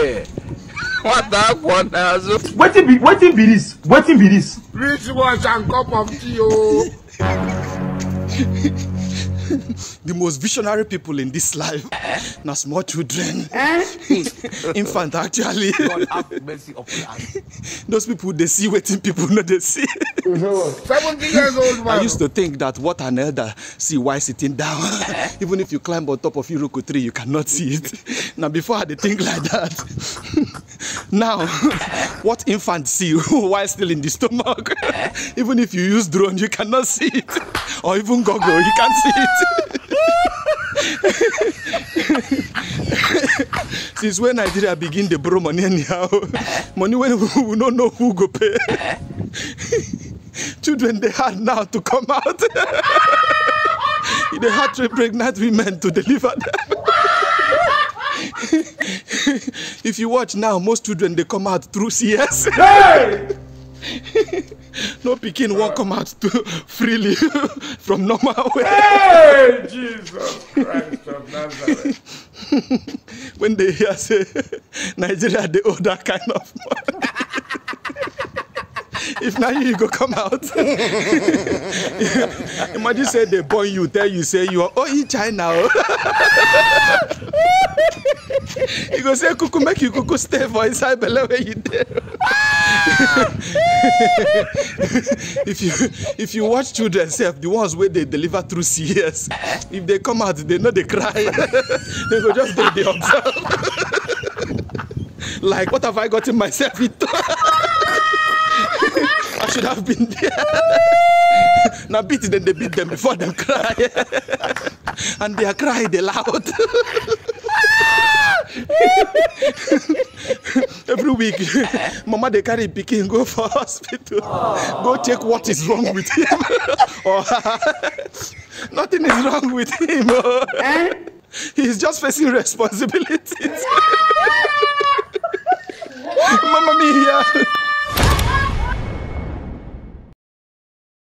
there. What that one also. Wetin be wetin be this? What Wetin be this? Rich watch and cup of tea o. Oh. the most visionary people in this life eh? na small children eh? infant actually God have mercy upon us those people they see waiting people not they see I used to think that what an elder see while sitting down. Eh? Even if you climb on top of Iroko tree, you cannot see it. Now before I did think like that. now, eh? what infant see while still in the stomach? Eh? even if you use drone, you cannot see it. Or even Google, you can't see it. Since when Nigeria begin to borrow money anyhow, money when we, we don't know who go pay. children they had now to come out. they had to pregnant women to deliver them. if you watch now, most children they come out through CS. Hey! no Pekin won't come out freely from normal way. Hey, Jesus Christ of Nazareth. when they hear say Nigeria, the older kind of if na you you go come out imagine say dey born you tell you say you are oh in china o oh. you go say kuku make you kuku stay for inside belle where you there." if you if you watch children sef the ones where they deliver through cs if they come out they know they cry they go just do the observe like what have i gotten myself into. should have been there. now beat them, they beat them before them cry. and they are crying, aloud. loud. Every week, Mama they carry picking go for hospital, Aww. go check what is wrong with him or oh, Nothing is wrong with him. He's just facing responsibilities. me mia!